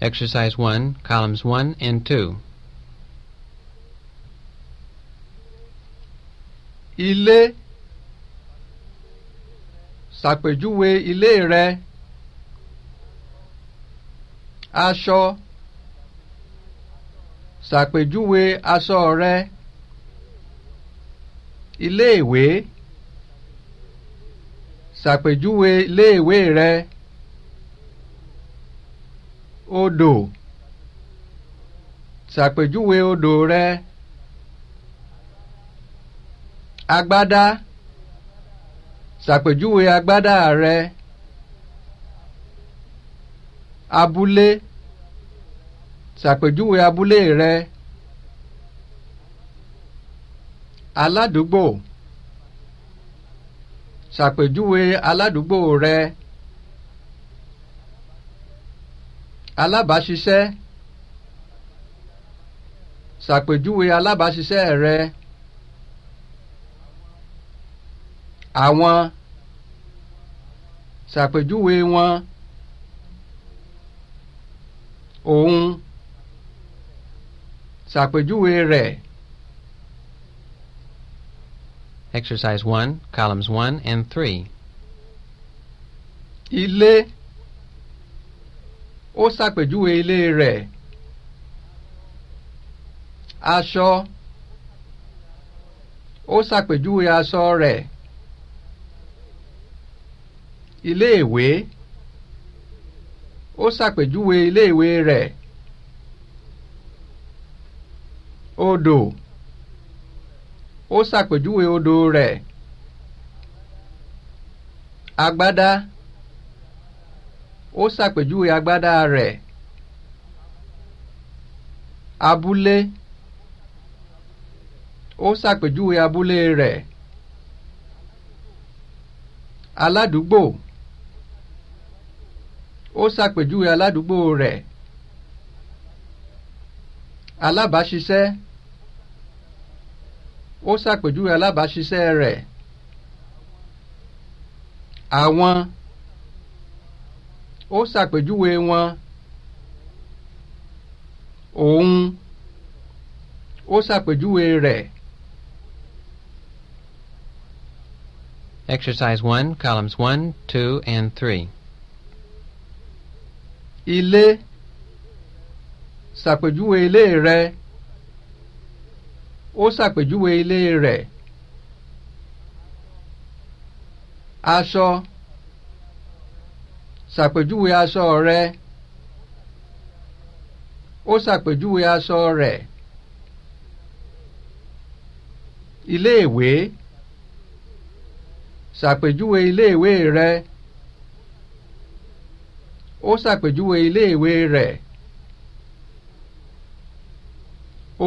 Exercise 1, columns 1 and 2. Ilé ṣàpèjúwe ilé rẹ aṣọ ṣàpèjúwe aṣọ re. ilé ìwé ṣàpèjúwe ilé ìwé re odò ṣàpèjúwe odò rẹ agbádá ṣàpèjúwe agbádá rẹ abúlé ṣàpèjúwe abúlé rẹ aládùúgbò ṣàpèjúwe aládùúgbò rẹ. alábàáṣiṣẹ́ ṣàpèjúwe alábàáṣiṣẹ́ rẹ àwọn ṣàpèjúwe wọn òun ṣàpèjúwe rẹ̀. Exercise one, columns one and three. Ilé. ó ṣàpèjúwe ilé rẹ̀ aṣọ ó ṣàpèjúwe aṣọ rẹ̀ iléèwé ó ṣàpèjúwe iléèwé rẹ̀ odò ó ṣàpèjúwe odò rẹ̀ agbádá. ó ṣàpèjúwe agbádá rẹ̀ abúlé ó ṣàpèjúwe abúlé rẹ̀ aládùúgbò ó ṣàpèjúwe aládùúgbò rẹ̀ alábàáṣiṣẹ́ ó ṣàpèjúwe alábàáṣiṣẹ́ rẹ̀ àwọn ó ṣàpèjúwe wọn òun ó ṣàpèjúwe rẹ̀. Exercise one, columns one, two, and 3. Ilé ṣàpèjúwe ilé rẹ̀ ó ṣàpèjúwe ilé rẹ̀ aṣọ ṣàpèjúwe aṣọ rẹ̀ ó ṣàpèjúwe aṣọ rẹ̀ iléèwé ṣàpèjúwe iléèwé rẹ̀ ó ṣàpèjúwe iléèwé rẹ̀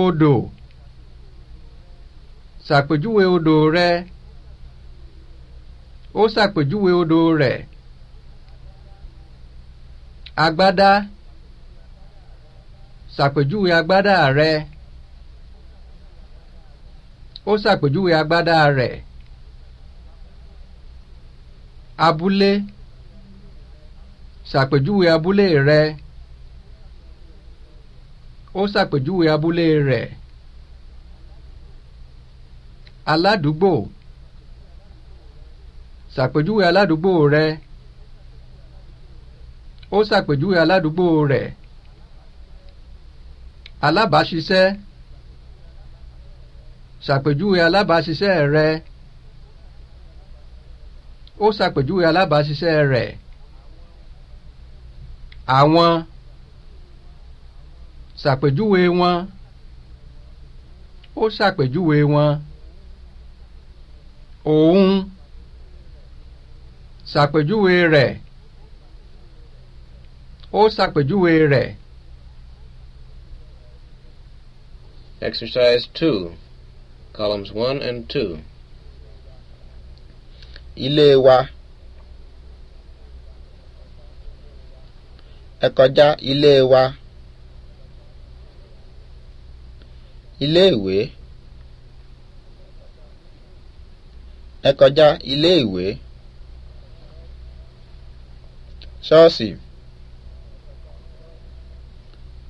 odò ṣàpèjúwe odò rẹ̀ ó ṣàpèjúwe odò rẹ̀. agbádá ṣàpèjúwe agbádá rẹ ó sàpèjúwe agbádá rẹ̀ abúlé ṣàpèjúwe abúlé rẹ ó sàpèjúwe abúlé rẹ̀ aládùúgbò ṣàpèjúwe aládùúgbò rẹ. ó ṣàpèjúwe aládùúgbò rẹ̀ alábàáṣiṣẹ́ ṣàpèjúwe alábàáṣiṣẹ́ rẹ ó ṣàpèjúwe alábàáṣiṣẹ́ rẹ̀ àwọn ṣàpèjúwe wọn ó ṣàpèjúwe wọn òun ṣàpèjúwe rẹ̀ ó ṣàpèjúwe rẹ̀. Exercise two, columns one and two. Ilé wa. Ẹ kọjá ilé wa. Ilé ìwé. Ẹ kọjá ilé ìwé. Ṣọ́ọ̀ṣì.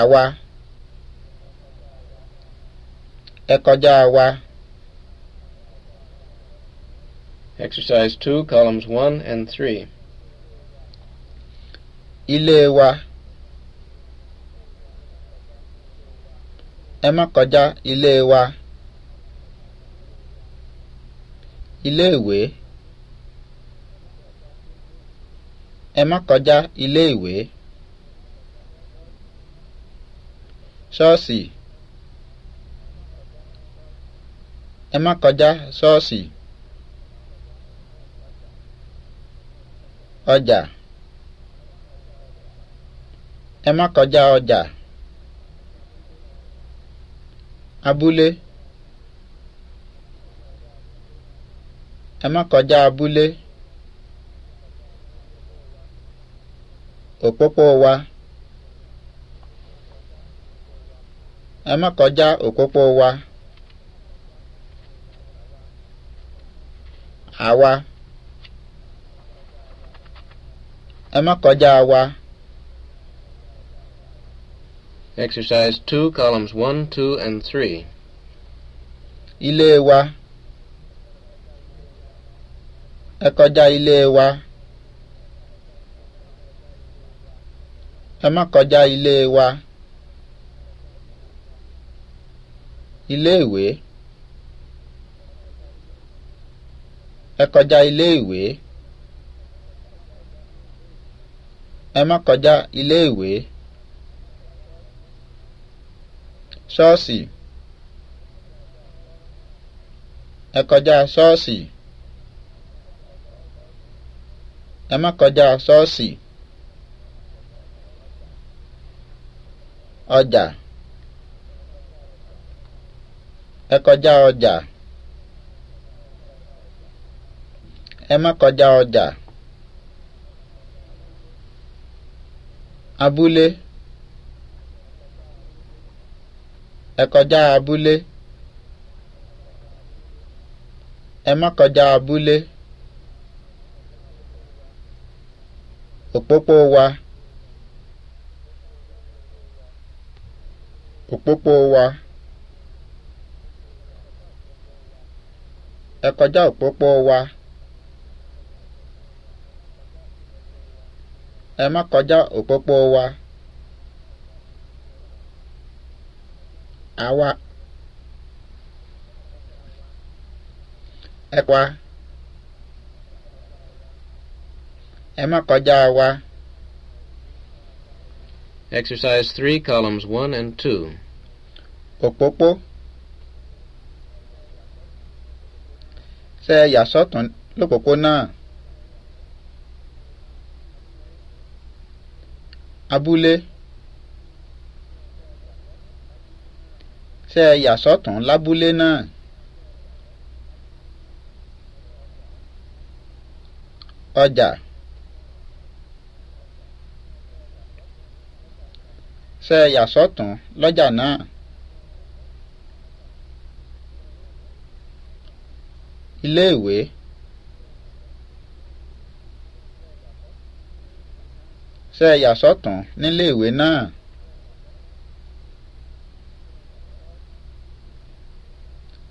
àwa ẹ kọjá Exercise 2, columns 1 and 3. Ilé wa. Ẹ má kọjá ilé wa. Ilé ìwé. Ẹ má kọjá ilé ṣọ́ọ̀ṣì ẹ má kọjá ṣọ́ọ̀ṣì ọjà ẹ má kọjá ọjà abúlé ẹ má kọjá abúlé òpópó wa. ẹ má kọjá òpópó wa àwa ẹ má kọjá wa. exercise two columns one two and three. ilé wa ẹ kọjá ilé wa. ẹ má kọjá ilé wa. iléèwé ẹ kọjá iléèwé ẹ má kọjá iwe ṣọ́ọ̀ṣì ẹ kọjá ṣọ́ọ̀ṣì ẹ má kọjá ṣọ́ọ̀ṣì ọjà. ẹ ọjà ẹ ọjà abúlé ẹ kọjá abúlé ẹ má abúlé òpópó wa òpópó wa. ẹ kọjá òpópó wa ẹ má kọjá òpópó wa àwa ẹ pa ẹ má kọjá wa. Exercise 3, columns 1 and 2. Òpópó. ṣe yà sọ́tún lópòpónà abúlé ṣe yà sọ́tún lábúlé náà ọjà ṣe yà sọ́tún lọ́jà náà. iléèwé ṣe ìyàsọ́tún níléèwé náà.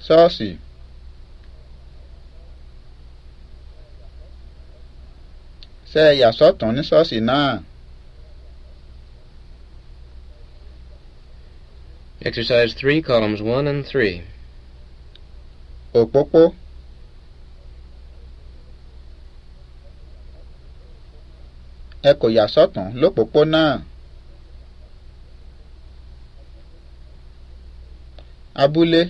ṣọ́ọ̀ṣì ṣe ìyàsọ́tún ní ṣọ́ọ̀ṣì náà. Exercise three columns one and three. Òpópó. ẹ kò yà sọ́tún lópòpónà. abúlé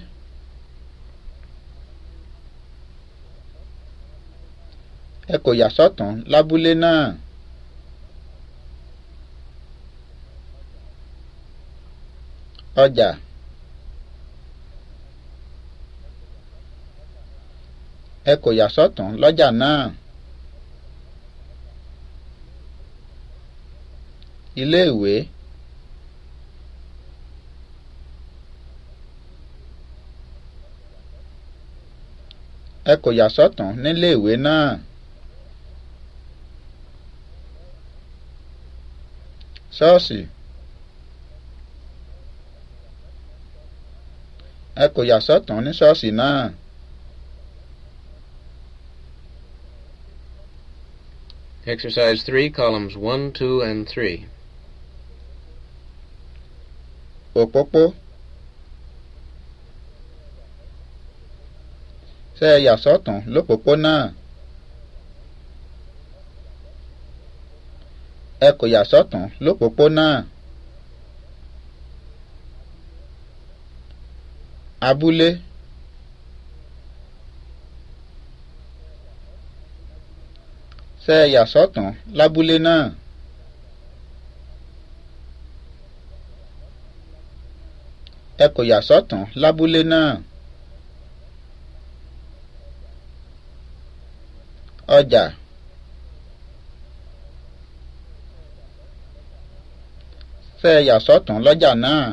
ẹ kò yà sọ́tún lábúlé náà. ọjà ẹ kò yà sọ́tún lọ́jà náà. iléèwé ẹ kò yà sọ́tàn níléèwé náà. ṣọ́ọ̀ṣì ẹ kò yà sọ́tàn ní ṣọ́ọ̀ṣì náà. Exercise 3, columns 1, 2, and 3. òpópó ṣe é yà sọ́tún lópópó náà ẹ kò yà sọ́tún lópópó náà abúlé ṣe é yà sọ́tún lábúlé náà. ẹ kò yà sọ́tàn lábúlé náà. ọjà ṣe yà sọ́tàn lọ́jà náà.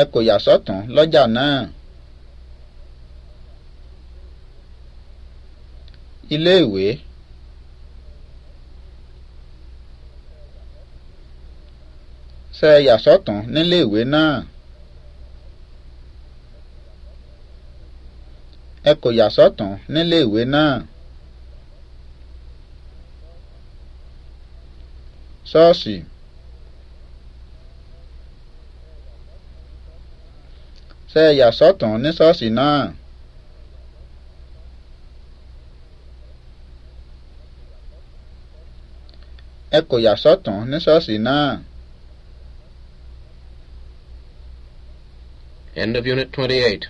ẹ kò yà sọ́tàn lọ́jà náà. ilé ìwé. ṣe yàsọ́tún nílé ìwé náà. ẹ kò yàsọ́tún nílé ìwé náà. ṣọ́ọ̀ṣì. ṣe yàsọ́tún ní ṣọ́ọ̀ṣì náà. ẹ kò yàsọ́tún ní ṣọ́ọ̀ṣì náà. End of Unit 28.